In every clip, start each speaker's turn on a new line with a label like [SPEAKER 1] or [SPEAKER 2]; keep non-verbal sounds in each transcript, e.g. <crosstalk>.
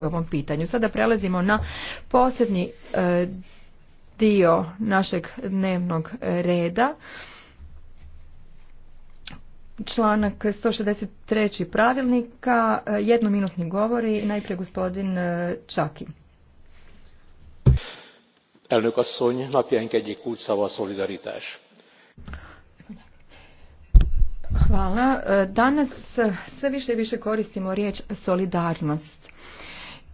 [SPEAKER 1] ovom pitanju. Sada prelazimo na posljednji e, dio našeg dnevnog reda. Članak 163. pravilnika, e, jednominutni govori, najprije gospodin e, Čaki. Elnök Hvala. Danas sve više i više koristimo riječ solidarnost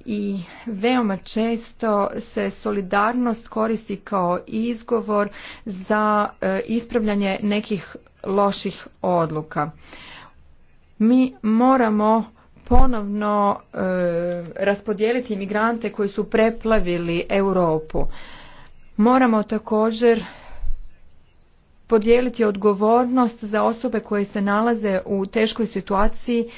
[SPEAKER 1] i veoma često se solidarnost koristi kao izgovor za e, ispravljanje nekih loših odluka. Mi moramo ponovno e, raspodijeliti imigrante koji su preplavili Europu. Moramo također podijeliti odgovornost za osobe koje se nalaze u teškoj situaciji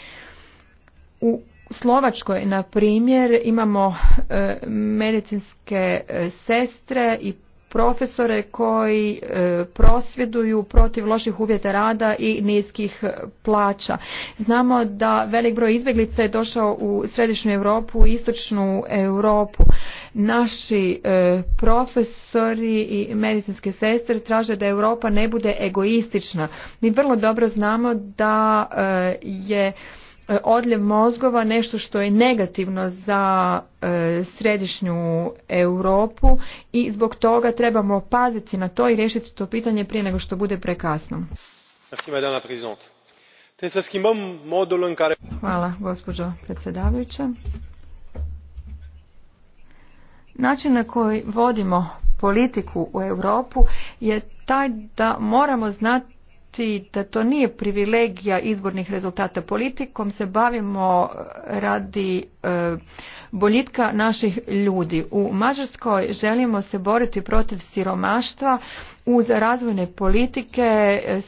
[SPEAKER 1] u Slovačkoj, na primjer, imamo e, medicinske e, sestre i profesore koji e, prosvjeduju protiv loših uvjeta rada i niskih plaća. Znamo da velik broj izbjeglica je došao u središnju Europu i istočnu Europu. Naši profesori i medicinske sestre traže da Europa ne bude egoistična. Mi vrlo dobro znamo da je odljev mozgova nešto što je negativno za e, središnju Europu i zbog toga trebamo paziti na to i riješiti to pitanje prije nego što bude prekasno. Hvala gospođo predsjedavajuća. Način na koji vodimo politiku u Europu je taj da moramo znati da to nije privilegija izbornih rezultata politikom, se bavimo radi e, boljitka naših ljudi. U Mađarskoj želimo se boriti protiv siromaštva uz razvojne politike, e,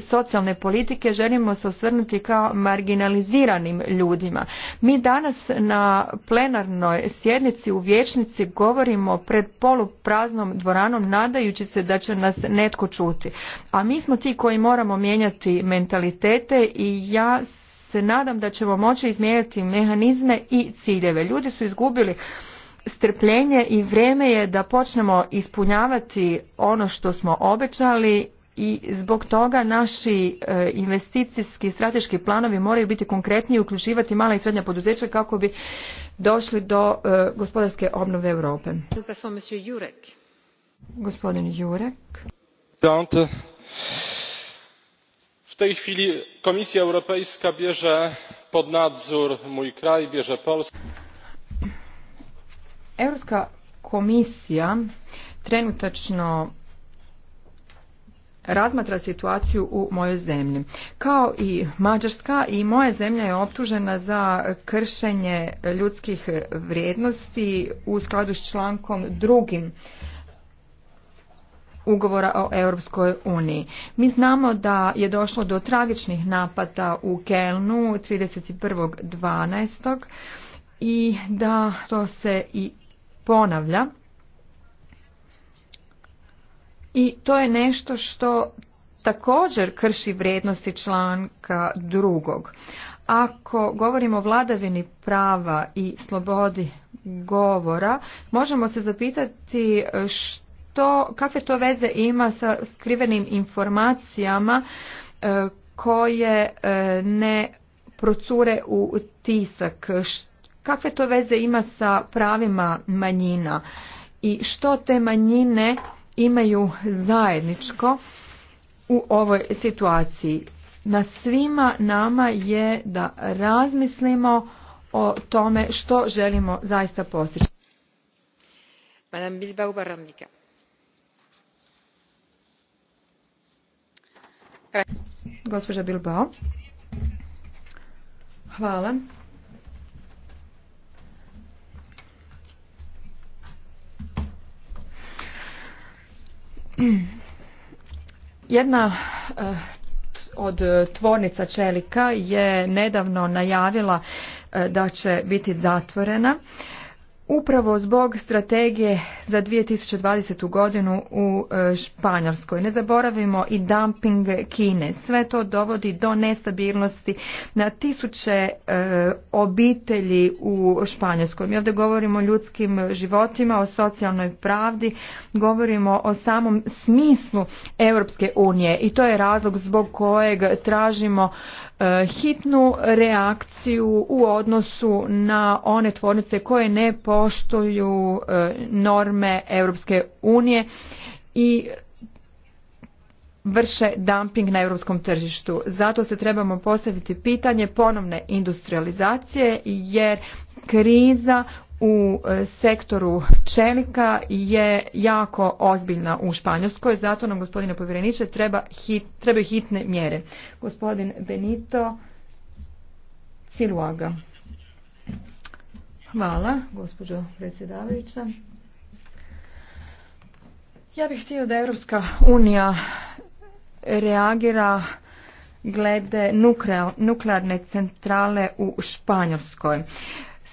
[SPEAKER 1] socijalne politike želimo se osvrnuti kao marginaliziranim ljudima. Mi danas na plenarnoj sjednici u vječnici govorimo pred polupraznom dvoranom nadajući se da će nas netko čuti. A mi smo ti koji moramo mijenjati mentalitete i ja se nadam da ćemo moći izmijeniti mehanizme i ciljeve. Ljudi su izgubili strpljenje i vrijeme je da počnemo ispunjavati ono što smo obećali i zbog toga naši e, investicijski strateški planovi moraju biti konkretniji i uključivati mala i srednja poduzeća kako bi došli do e, gospodarske obnove Europe. Gospodin Jurek.
[SPEAKER 2] W tej chwili Komisja Europejska bierze pod nadzór mój kraj, bierze Polskę.
[SPEAKER 1] Europska komisija trenutačno razmatra situaciju u mojoj zemlji. Kao i Mađarska i moja zemlja je optužena za kršenje ljudskih vrijednosti u skladu s člankom drugim ugovora o Europskoj uniji. Mi znamo da je došlo do tragičnih napada u Kelnu 31.12. i da to se i ponavlja i to je nešto što također krši vrijednosti članka drugog. Ako govorimo o vladavini prava i slobodi govora, možemo se zapitati e, što, kakve to veze ima sa skrivenim informacijama e, koje e, ne procure u tisak, što kakve to veze ima sa pravima manjina i što te manjine imaju zajedničko u ovoj situaciji. Na svima nama je da razmislimo o tome što želimo zaista postići. Madame Bilbao Bilbao. Hvala. <clears throat> Jedna eh, od tvornica čelika je nedavno najavila eh, da će biti zatvorena upravo zbog strategije za 2020. godinu u e, Španjolskoj. Ne zaboravimo i dumping Kine. Sve to dovodi do nestabilnosti na tisuće e, obitelji u Španjolskoj. Mi ovdje govorimo o ljudskim životima, o socijalnoj pravdi, govorimo o samom smislu Europske unije i to je razlog zbog kojeg tražimo E, hitnu reakciju u odnosu na one tvornice koje ne poštuju e, norme Europske unije i vrše dumping na europskom tržištu. Zato se trebamo postaviti pitanje ponovne industrializacije jer kriza u e, sektoru čelika je jako ozbiljna u Španjolskoj, zato nam gospodine povjereniče treba hit, trebaju hitne mjere. Gospodin Benito Ciluaga. Hvala, gospođo predsjedavajuća. Ja bih htio da Europska unija reagira glede nuklearne centrale u Španjolskoj.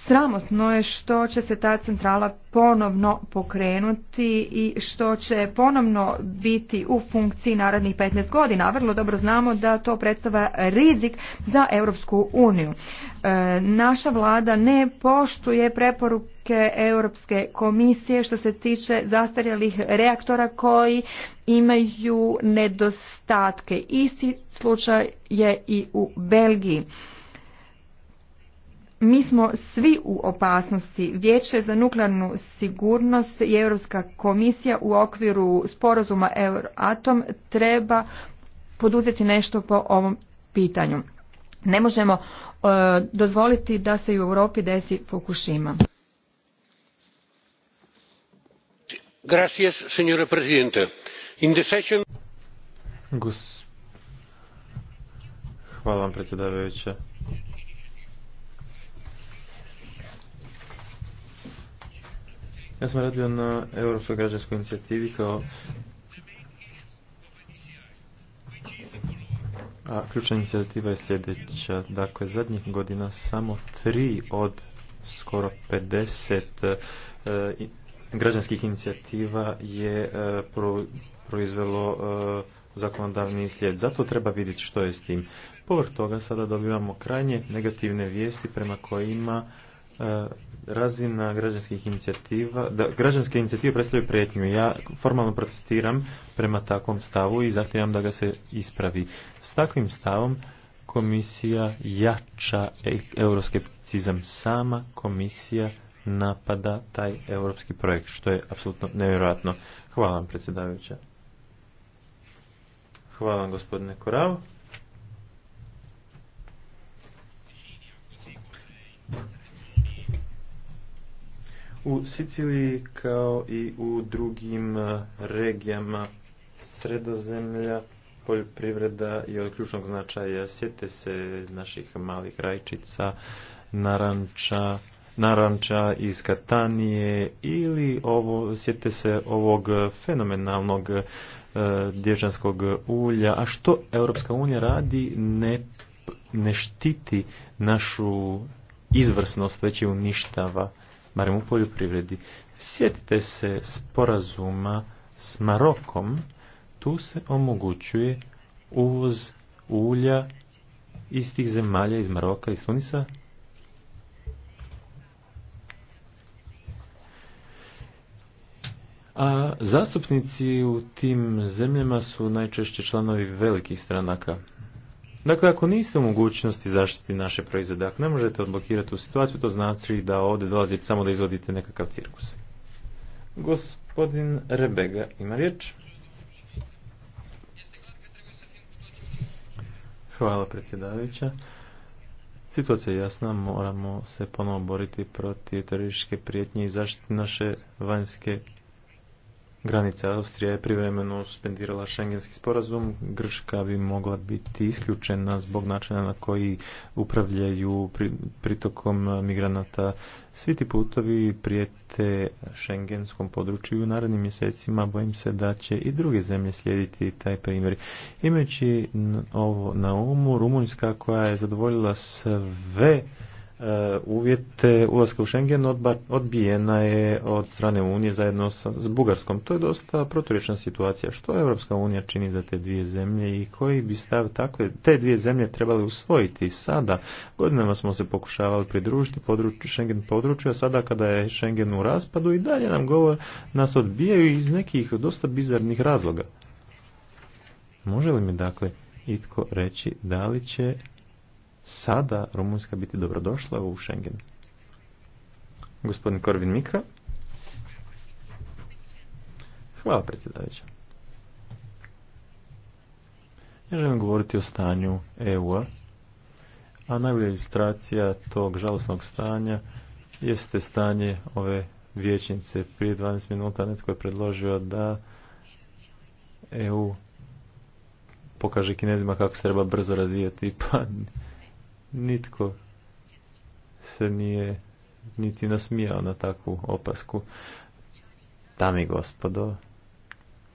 [SPEAKER 1] Sramotno je što će se ta centrala ponovno pokrenuti i što će ponovno biti u funkciji narodnih 15 godina. Vrlo dobro znamo da to predstava rizik za Europsku uniju. E, naša vlada ne poštuje preporuke Europske komisije što se tiče zastarjelih reaktora koji imaju nedostatke. Isti slučaj je i u Belgiji mi smo svi u opasnosti. Vijeće za nuklearnu sigurnost i Europska komisija u okviru sporazuma Euroatom treba poduzeti nešto po ovom pitanju. Ne možemo e, dozvoliti da se i u Europi desi pokušima.
[SPEAKER 2] Hvala vam, predsjedavajuća. Ja sam radio na Europskoj građanskoj inicijativi kao A ključna inicijativa je sljedeća. Dakle, zadnjih godina samo tri od skoro 50 e, građanskih inicijativa je e, proizvelo e, zakonodavni slijed. Zato treba vidjeti što je s tim. Povrh toga sada dobivamo krajnje negativne vijesti prema kojima E, razina građanskih inicijativa, da građanske inicijative predstavljaju prijetnju. Ja formalno protestiram prema takvom stavu i zahtijevam da ga se ispravi. S takvim stavom komisija jača e, euroskepticizam. Sama komisija napada taj europski projekt, što je apsolutno nevjerojatno. Hvala vam, predsjedavajuća. Hvala vam, gospodine Korao. u Siciliji kao i u drugim e, regijama sredozemlja poljoprivreda je od ključnog značaja. Sjete se naših malih rajčica, naranča, naranča iz Katanije ili ovo, se ovog fenomenalnog e, dječanskog ulja. A što Europska unija radi ne, ne štiti našu izvrsnost, već je uništava barem u poljoprivredi. Sjetite se sporazuma s Marokom, tu se omogućuje uvoz ulja iz tih zemalja, iz Maroka, iz Tunisa. A zastupnici u tim zemljama su najčešće članovi velikih stranaka. Dakle, ako niste u mogućnosti zaštiti naše proizvode, ako ne možete odblokirati tu situaciju, to znači da ovdje dolazite samo da izvodite nekakav cirkus. Gospodin Rebega ima riječ. Hvala predsjedavajuća. Situacija je jasna, moramo se ponovo boriti protiv terorističke prijetnje i zaštiti naše vanjske Granica Austrija je privremeno suspendirala šengenski sporazum, Grška bi mogla biti isključena zbog načina na koji upravljaju pritokom migranata. Svi ti putovi prijete šengenskom području u narednim mjesecima bojim se da će i druge zemlje slijediti taj primjer. Imajući ovo na umu, Rumunjska koja je zadovoljila sve E, uvjete ulaska u Schengen odbijena je od strane Unije zajedno sa, s Bugarskom. To je dosta proturječna situacija. Što Europska unija čini za te dvije zemlje i koji bi stav takve te dvije zemlje trebali usvojiti sada? Godinama smo se pokušavali pridružiti području, Schengen području, a sada kada je Schengen u raspadu i dalje nam govor nas odbijaju iz nekih dosta bizarnih razloga. Može li mi dakle itko reći da li će sada Rumunjska biti dobrodošla u Schengen? Gospodin Korvin Mika. Hvala predsjedavajuća. Ja želim govoriti o stanju EU-a, a najbolja ilustracija tog žalosnog stanja jeste stanje ove vijećnice. Prije 12 minuta netko je predložio da EU pokaže kinezima kako se treba brzo razvijati. Pa Nitko se nije niti nasmijao na takvu opasku. tam i gospodo,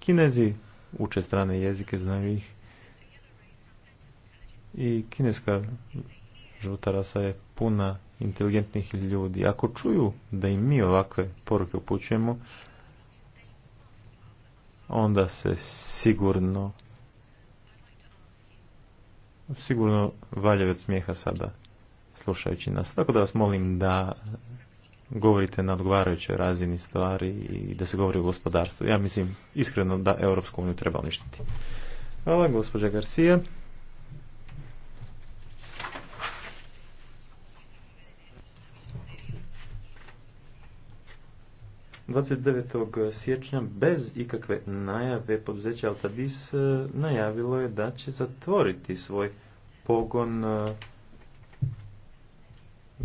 [SPEAKER 2] Kinezi uče strane jezike, znaju ih. I kineska žuta rasa je puna inteligentnih ljudi. Ako čuju da im mi ovakve poruke upućujemo, onda se sigurno sigurno valja od smijeha sada slušajući nas. Tako da vas molim da govorite na odgovarajućoj razini stvari i da se govori o gospodarstvu. Ja mislim iskreno da Europsku uniju treba uništiti. Hvala, gospođa Garcija. 29. siječnja bez ikakve najave poduzeća Altadis e, najavilo je da će zatvoriti svoj pogon e,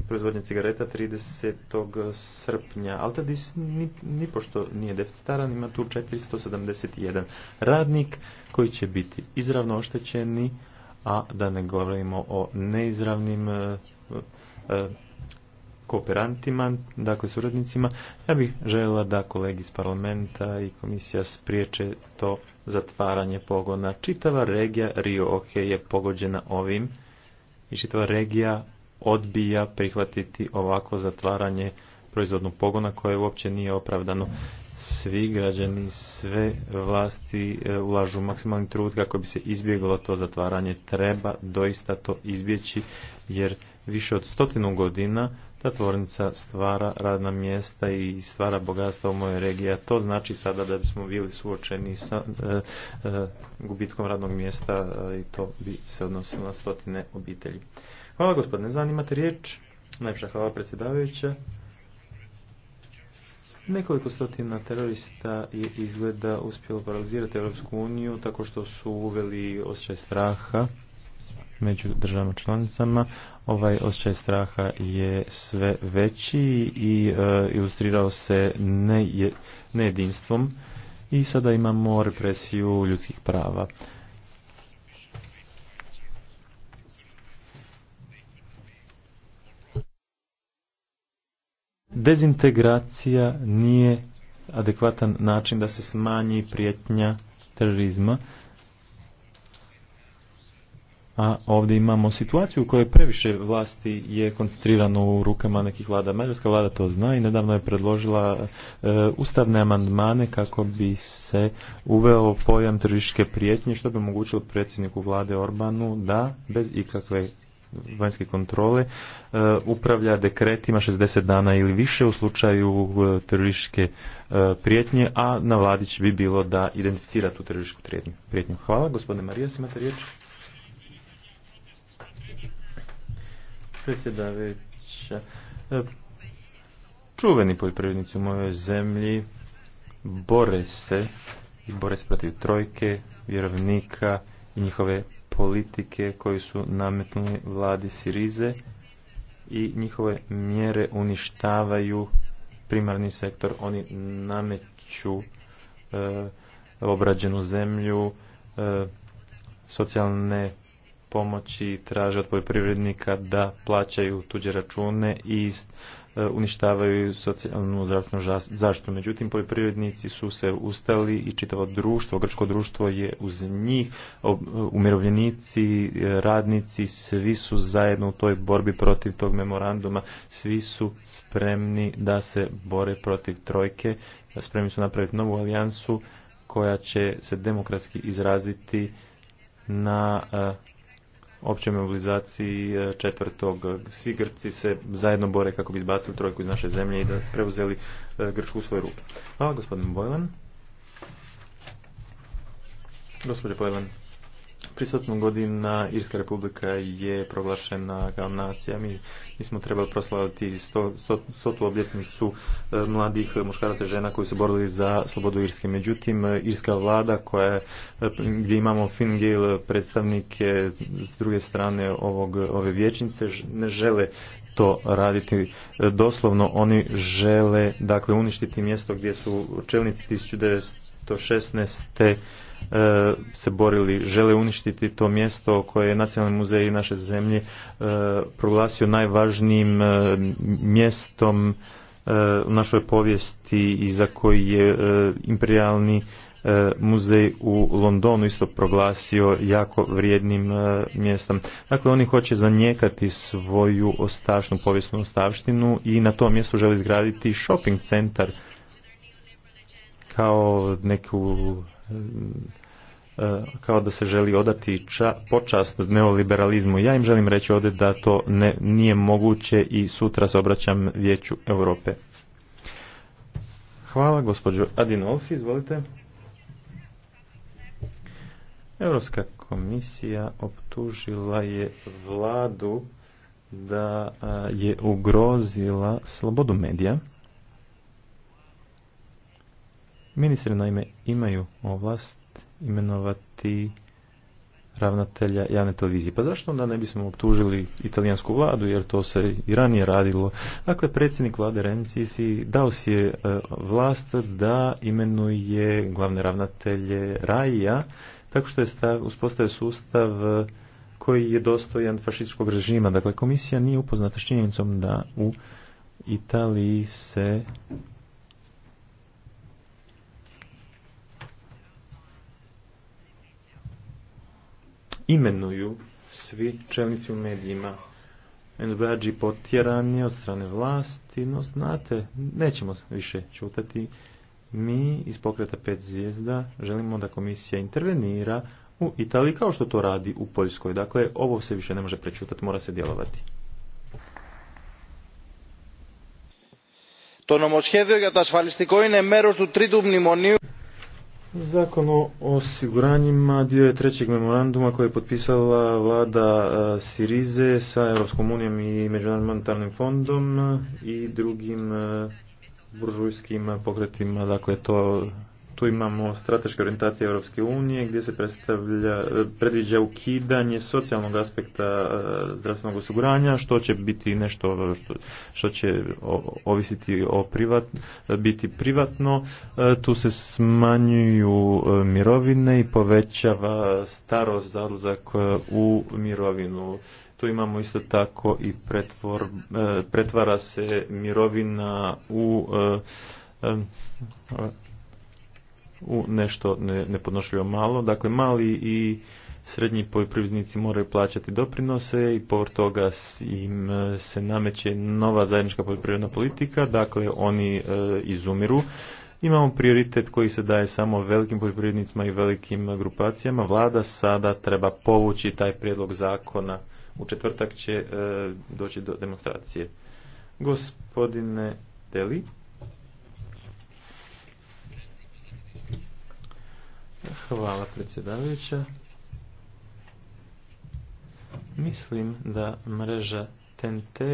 [SPEAKER 2] proizvodnje cigareta 30. srpnja. Altadis ni, pošto nije deficitaran, ima tu 471 radnik koji će biti izravno oštećeni, a da ne govorimo o neizravnim e, kooperantima, dakle suradnicima, ja bih željela da kolegi iz parlamenta i komisija spriječe to zatvaranje pogona. Čitava regija Rio Oke je pogođena ovim i čitava regija odbija prihvatiti ovako zatvaranje proizvodnog pogona koje uopće nije opravdano. Svi građani, sve vlasti e, ulažu maksimalni trud kako bi se izbjeglo to zatvaranje. Treba doista to izbjeći jer više od stotinu godina ta tvornica stvara radna mjesta i stvara bogatstvo u mojoj regiji, a to znači sada da bismo bili suočeni sa e, e, gubitkom radnog mjesta e, i to bi se odnosilo na stotine obitelji. Hvala gospodine, zanimate riječ? Najpša hvala predsjedavajuća. Nekoliko stotina terorista je izgleda uspjelo paralizirati Europsku uniju tako što su uveli osjećaj straha među državama članicama. Ovaj osjećaj straha je sve veći i e, ilustrirao se ne, nejedinstvom i sada imamo represiju ljudskih prava. Dezintegracija nije adekvatan način da se smanji prijetnja terorizma a ovdje imamo situaciju u kojoj previše vlasti je koncentrirano u rukama nekih vlada. Mađarska vlada to zna i nedavno je predložila e, ustavne amandmane kako bi se uveo pojam tržiške prijetnje što bi omogućilo predsjedniku vlade Orbanu da bez ikakve vanjske kontrole e, upravlja dekretima 60 dana ili više u slučaju e, terorističke prijetnje, a na vladi bi bilo da identificira tu terorističku prijetnju. Hvala. Gospodine Marijas, imate riječ? predsjedavajuća. E, čuveni poljoprivrednici u mojoj zemlji bore se i bore se protiv trojke, vjerovnika i njihove politike koji su nametnuli vladi Sirize i njihove mjere uništavaju primarni sektor. Oni nameću e, obrađenu zemlju, e, socijalne pomoći traže od poljoprivrednika da plaćaju tuđe račune i e, uništavaju socijalnu zdravstvenu zaštitu. Međutim, poljoprivrednici su se ustali i čitavo društvo, grčko društvo je uz njih, umirovljenici, e, radnici, svi su zajedno u toj borbi protiv tog memoranduma, svi su spremni da se bore protiv trojke, spremni su napraviti novu alijansu koja će se demokratski izraziti na e, općoj mobilizaciji e, četvrtog. Svi Grci se zajedno bore kako bi izbacili trojku iz naše zemlje i da preuzeli e, Grčku u svoje ruke. Hvala gospodin Bojlan. Gospodin Bojlan prisutnu godina Irska republika je proglašena kao nacija. Mi, smo trebali proslaviti sto, sto, stotu obljetnicu e, mladih muškaraca i žena koji su borili za slobodu Irske. Međutim, Irska vlada koja je, gdje imamo Fingale predstavnike s druge strane ovog, ove vječnice ne žele to raditi e, doslovno oni žele dakle uništiti mjesto gdje su čelnici 1916. E, se borili, žele uništiti to mjesto koje je Nacionalni muzej naše zemlje e, proglasio najvažnijim e, mjestom u našoj povijesti i za koji je imperialni muzej u Londonu isto proglasio jako vrijednim mjestom. Dakle, oni hoće zanijekati svoju ostašnu, povijesnu ostavštinu i na tom mjestu žele izgraditi shopping centar kao neku E, kao da se želi odati počast neoliberalizmu. Ja im želim reći ovdje da to ne, nije moguće i sutra se obraćam Vijeću Europe. Hvala, gospođo Adinolfi, izvolite. Europska komisija optužila je vladu da e, je ugrozila slobodu medija. Ministri naime imaju ovlast imenovati ravnatelja javne televizije. Pa zašto onda ne bismo optužili italijansku vladu, jer to se i ranije radilo. Dakle, predsjednik vlade Renzi si dao si je e, vlast da imenuje glavne ravnatelje Raja, tako što je uspostavio sustav e, koji je dostojan fašističkog režima. Dakle, komisija nije upoznata s činjenicom da u Italiji se imenuju svi čelnici u medijima. NBAG potjeran od strane vlasti, no znate, nećemo više čutati. Mi iz pokreta pet zvijezda želimo da komisija intervenira u Italiji kao što to radi u Poljskoj. Dakle, ovo se više ne može prečutati, mora se djelovati. To νομοσχέδιο για το ασφαλιστικό Zakon o osiguranjima dio je trećeg memoranduma koje je potpisala vlada e, Sirize sa Europskom unijom i Međunarodnim monetarnim fondom i drugim e, buržujskim pokretima, dakle to tu imamo strateške orijentacije Europske unije gdje se predstavlja, predviđa ukidanje socijalnog aspekta e, zdravstvenog osiguranja, što će biti nešto što, što će ovisiti o privat, biti privatno. E, tu se smanjuju e, mirovine i povećava starost za odlazak u mirovinu. Tu imamo isto tako i pretvor, pretvara se mirovina u u nešto nepodnošljivo malo. Dakle, mali i srednji poljoprivrednici moraju plaćati doprinose i povr toga im e, se nameće nova zajednička poljoprivredna politika, dakle oni e, izumiru. Imamo prioritet koji se daje samo velikim poljoprivrednicima i velikim grupacijama. Vlada sada treba povući taj prijedlog zakona. U četvrtak će e, doći do demonstracije. Gospodine Deli. Hvala predsjedavajuća. Mislim da mreža TNT e,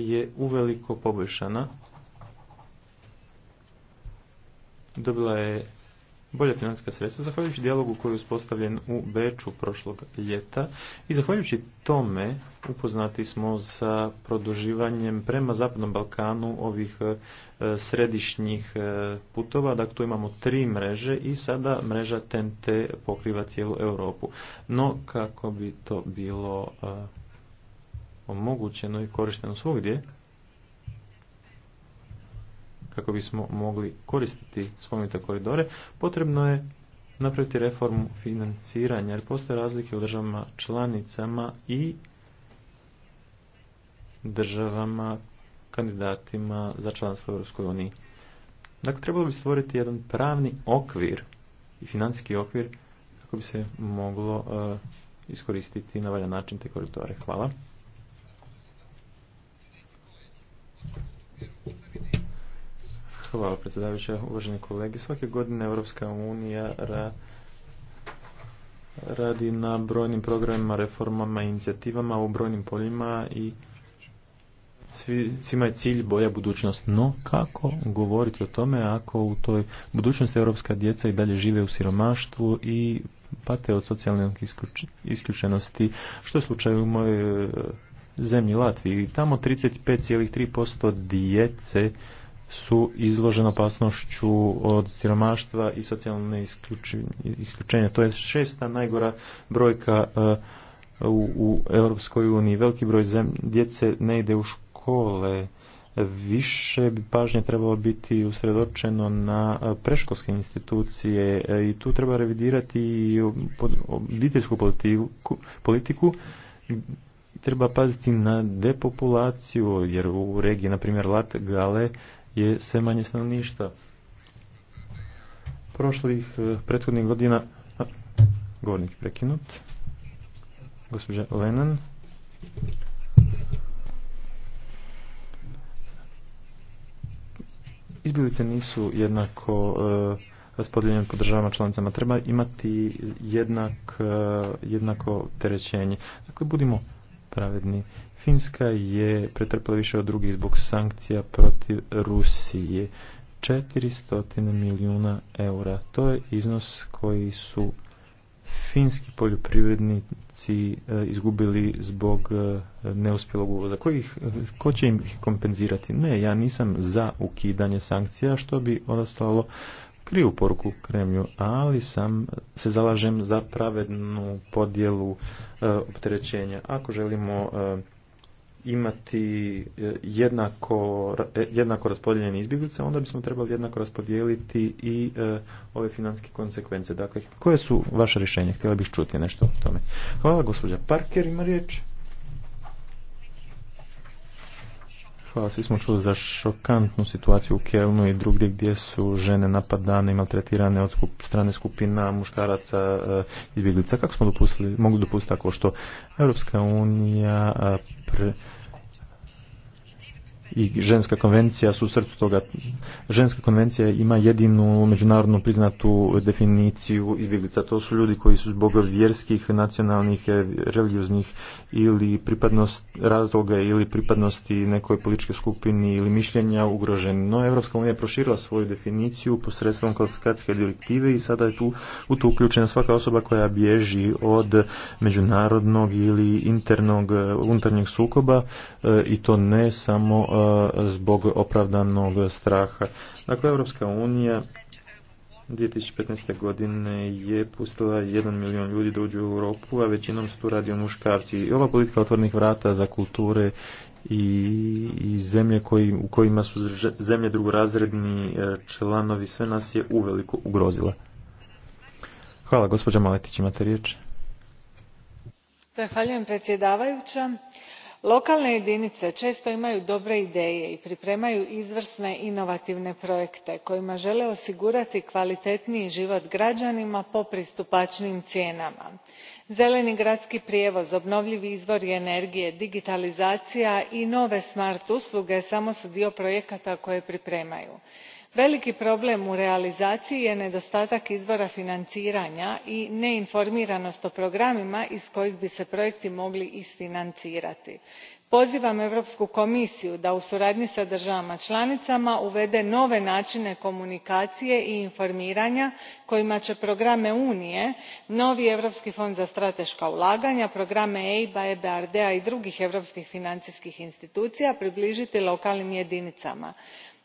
[SPEAKER 2] je uveliko poboljšana. Dobila je bolje financijska sredstva zahvaljujući dijalogu koji je uspostavljen u Beču prošlog ljeta i zahvaljujući tome upoznati smo sa produživanjem prema Zapadnom Balkanu ovih e, središnjih e, putova, dakle tu imamo tri mreže i sada mreža TNT pokriva cijelu Europu. No kako bi to bilo e, omogućeno i korišteno svugdje, kako bismo mogli koristiti spomenute koridore, potrebno je napraviti reformu financiranja, jer postoje razlike u državama članicama i državama kandidatima za članstvo u EU. uniji. Dakle, trebalo bi stvoriti jedan pravni okvir i financijski okvir kako bi se moglo e, iskoristiti na valjan način te koridore. Hvala. Hvala predsjedavajuća, uvaženi kolege. Svake godine Europska unija radi na brojnim programima, reformama i inicijativama u brojnim poljima i svi, svima je cilj boja budućnost. No, kako govoriti o tome ako u toj budućnosti europska djeca i dalje žive u siromaštvu i pate od socijalne isključenosti, što je slučaj u mojoj e, zemlji Latviji. Tamo 35,3% djece su izložena opasnošću od siromaštva i socijalne isključenja. To je šesta najgora brojka e, u, u Europskoj uniji. Veliki broj zem, djece ne ide u škole. Više bi pažnje trebalo biti usredočeno na e, preškolske institucije e, i tu treba revidirati i obiteljsku politiku, treba paziti na depopulaciju, jer u regiji, na primjer, Latgale, je sve manje stanovništva. Prošlih e, prethodnih godina prekinut. Gospođa Lenan. Izbjelice nisu jednako e, raspodijeljene po državama članicama. Treba imati e, jednako terećenje. Dakle, budimo pravedni. Finska je pretrpila više od drugih zbog sankcija protiv Rusije. 400 milijuna eura. To je iznos koji su finski poljoprivrednici e, izgubili zbog e, neuspjelog uvoza. Kojih, ko će im kompenzirati? Ne, ja nisam za ukidanje sankcija, što bi odastalo krivu poruku Kremlju, ali sam se zalažem za pravednu podjelu e, opterećenja. Ako želimo imati e, jednako, e, jednako raspodijeljene izbjeglice, onda bismo trebali jednako raspodijeliti i e, ove financijske konsekvence. Dakle, koje su vaše rješenje? Htjela bih čuti nešto o tome. Hvala, gospođa Parker ima riječ. Hvala, svi smo čuli za šokantnu situaciju u Kelnu i drugdje gdje su žene napadane i maltretirane od strane skupina muškaraca eh, izbjeglica. Kako smo dopustili, mogli dopustiti tako što Europska unija eh, i ženska konvencija su u srcu toga. Ženska konvencija ima jedinu međunarodno priznatu definiciju izbjeglica. To su ljudi koji su zbog vjerskih, nacionalnih, religioznih ili pripadnost razloga ili pripadnosti nekoj političkoj skupini ili mišljenja ugroženi. No, Evropska unija je proširila svoju definiciju posredstvom kvalifikacijske direktive i sada je tu, u to uključena svaka osoba koja bježi od međunarodnog ili internog, unutarnjeg sukoba e, i to ne samo e, zbog opravdanog straha. Dakle, Europska unija 2015. godine je pustila jedan milijun ljudi da uđu u Europu, a većinom su tu radio muškarci. I ova politika otvornih vrata za kulture i, zemlje koji, u kojima su zemlje drugorazredni e, članovi, sve nas je uveliko ugrozila. Hvala, gospođa Maletić, imate riječ.
[SPEAKER 3] Zahvaljujem predsjedavajuća lokalne jedinice često imaju dobre ideje i pripremaju izvrsne inovativne projekte kojima žele osigurati kvalitetniji život građanima po pristupačnim cijenama. zeleni gradski prijevoz obnovljivi izvori energije digitalizacija i nove smart usluge samo su dio projekata koje pripremaju veliki problem u realizaciji je nedostatak izvora financiranja i neinformiranost o programima iz kojih bi se projekti mogli isfinancirati. pozivam europsku komisiju da u suradnji sa državama članicama uvede nove načine komunikacije i informiranja kojima će programe unije novi europski fond za strateška ulaganja programe eib a ebrd a i drugih europskih financijskih institucija približiti lokalnim jedinicama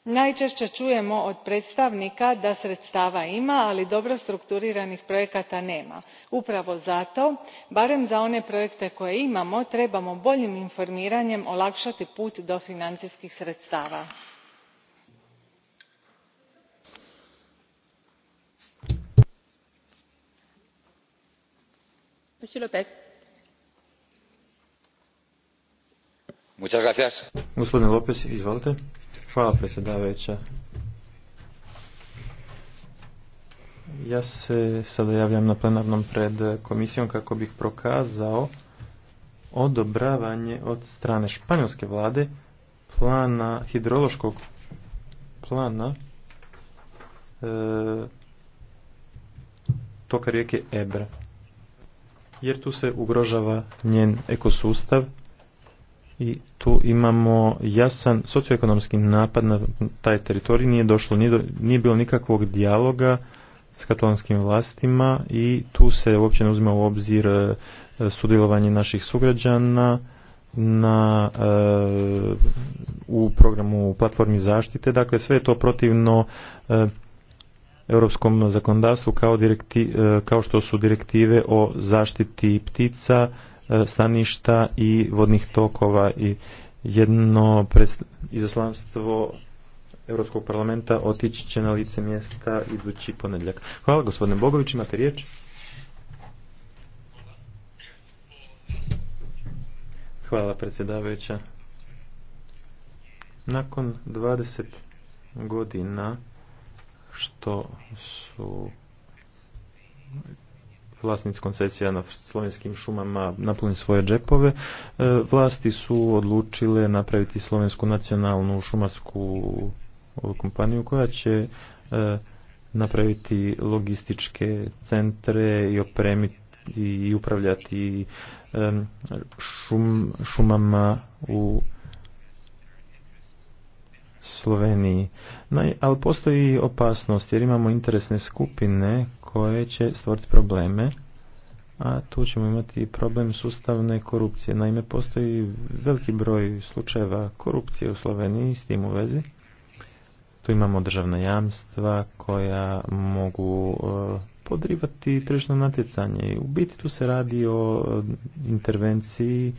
[SPEAKER 3] najčešće čujemo od predstavnika da sredstava ima ali dobro strukturiranih projekata nema. upravo zato barem za one projekte koje imamo trebamo boljim informiranjem olakšati put do financijskih sredstava.
[SPEAKER 2] Hvala predsjedavajuća. Ja se sada javljam na plenarnom pred komisijom kako bih prokazao odobravanje od strane španjolske vlade plana hidrološkog plana e, toka rijeke Ebra. Jer tu se ugrožava njen ekosustav i tu imamo jasan socioekonomski napad na taj teritorij. Nije došlo, nije, do, bilo nikakvog dijaloga s katalonskim vlastima i tu se uopće ne uzima u obzir e, sudjelovanje naših sugrađana na, e, u programu u platformi zaštite. Dakle, sve je to protivno e, europskom zakonodavstvu kao, kao što su direktive o zaštiti ptica, E, staništa i vodnih tokova i jedno izaslanstvo Europskog parlamenta otići će na lice mjesta idući ponedjeljak. Hvala gospodine Bogović, imate riječ? Hvala predsjedavajuća. Nakon 20 godina što su vlasnici koncesija na slovenskim šumama napuni svoje džepove. E, vlasti su odlučile napraviti slovensku nacionalnu šumarsku kompaniju koja će e, napraviti logističke centre i opremiti i upravljati e, šumama u Sloveniji. No, ali postoji opasnost jer imamo interesne skupine koje će stvoriti probleme, a tu ćemo imati problem sustavne korupcije. Naime, postoji veliki broj slučajeva korupcije u Sloveniji s tim u vezi. Tu imamo državna jamstva koja mogu e, podrivati tržišno natjecanje. U biti tu se radi o e, intervenciji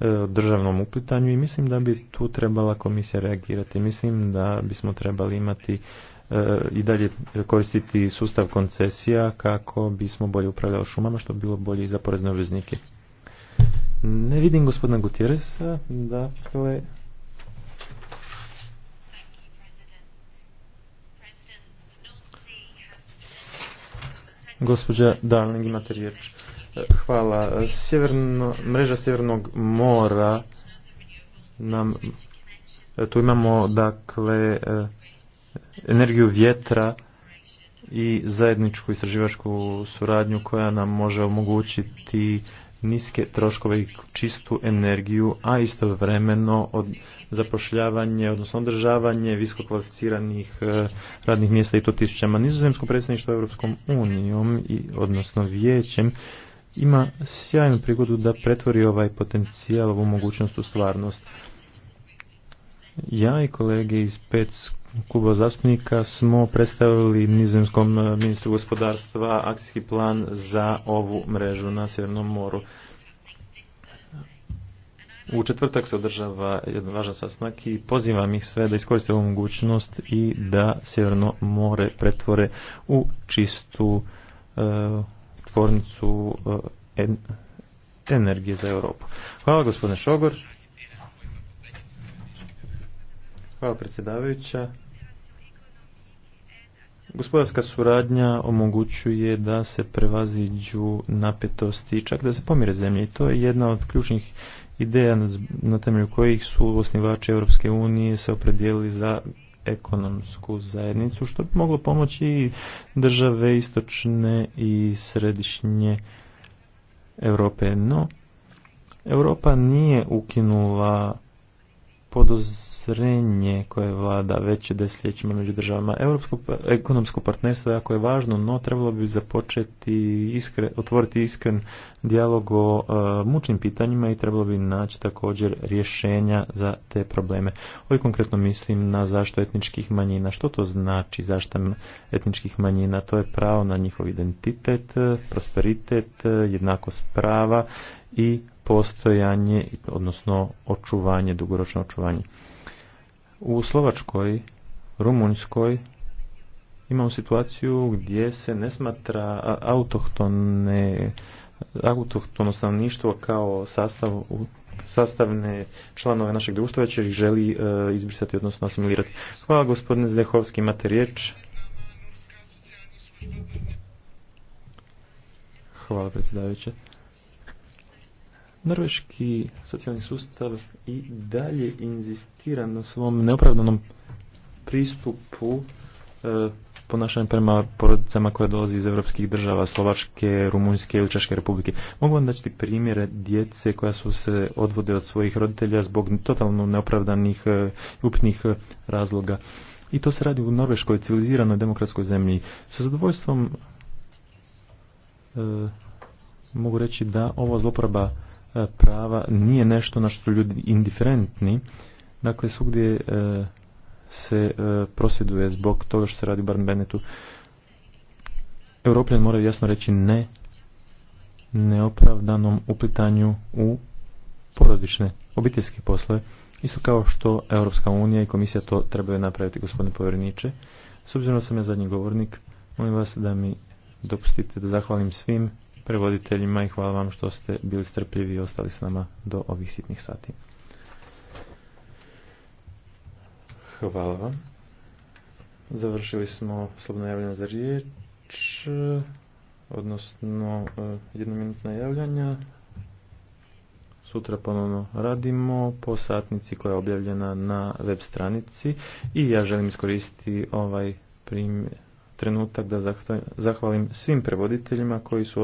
[SPEAKER 2] E, državnom uplitanju i mislim da bi tu trebala komisija reagirati. Mislim da bismo trebali imati e, i dalje koristiti sustav koncesija kako bismo bolje upravljali šumama što bi bilo bolje i za porezne obveznike. Ne vidim gospodina Gutjeresa, dakle... Gospođa Darling, imate riječ. Hvala. Sjeverno, mreža Sjevernog mora nam tu imamo dakle eh, energiju vjetra i zajedničku istraživačku suradnju koja nam može omogućiti niske troškove i čistu energiju, a istovremeno od zapošljavanje, odnosno održavanje visokokvalificiranih eh, radnih mjesta i to tisućama. Nizozemsko predsjedništvo Europskom unijom i odnosno vijećem ima sjajnu prigodu da pretvori ovaj potencijal, ovu mogućnost u stvarnost. Ja i kolege iz pet kluba zastupnika smo predstavili nizemskom e, ministru gospodarstva akcijski plan za ovu mrežu na Sjevernom moru. U četvrtak se održava jedan važan sastanak i pozivam ih sve da iskoriste ovu mogućnost i da Sjeverno more pretvore u čistu e, tvornicu eh, en, energije za Europu. Hvala gospodine Šogor. Hvala predsjedavajuća. Gospodarska suradnja omogućuje da se prevaziđu napetosti, čak da se pomire zemlje. I to je jedna od ključnih ideja na temelju kojih su osnivači Europske unije se opredijelili za ekonomsku zajednicu, što bi moglo pomoći i države istočne i središnje Europe. No, Europa nije ukinula podozrenje koje vlada već desetljećima među državama. Europsko ekonomsko partnerstvo jako je važno, no trebalo bi započeti iskre, otvoriti iskren dijalog o e, mučnim pitanjima i trebalo bi naći također rješenja za te probleme. Ovo konkretno mislim na zašto etničkih manjina. Što to znači zaštita etničkih manjina? To je pravo na njihov identitet, prosperitet, jednakost prava i postojanje, odnosno očuvanje, dugoročno očuvanje. U Slovačkoj, Rumunjskoj imamo situaciju gdje se ne smatra autohtone autohtono stanovništvo kao sastav, sastavne članove našeg društva, će ih želi e, izbrisati, odnosno asimilirati. Hvala gospodine Zdehovski, imate riječ. Hvala predsjedavajuće. Norveški socijalni sustav i dalje inzistira na svom neopravdanom pristupu e, prema porodicama koje dolazi iz evropskih država, Slovačke, Rumunjske ili Češke republike. Mogu vam dati primjere djece koja su se odvode od svojih roditelja zbog totalno neopravdanih e, upnih e, razloga. I to se radi u norveškoj civiliziranoj demokratskoj zemlji. Sa zadovoljstvom e, mogu reći da ova zloporaba E, prava nije nešto na što ljudi indiferentni. Dakle, svugdje e, se e, prosvjeduje zbog toga što se radi u Benetu. Europljani moraju jasno reći ne neopravdanom uplitanju u porodične obiteljske poslove, isto kao što Europska unija i komisija to trebaju napraviti, gospodine povjereniče. S obzirom da sam ja zadnji govornik, molim vas da mi dopustite da zahvalim svim prevoditeljima i hvala vam što ste bili strpljivi i ostali s nama do ovih sitnih sati. Hvala vam. Završili smo slobno javljanje za riječ, odnosno e, jednominutna javljanja. Sutra ponovno radimo po satnici koja je objavljena na web stranici i ja želim iskoristiti ovaj trenutak da zahvalim svim prevoditeljima koji su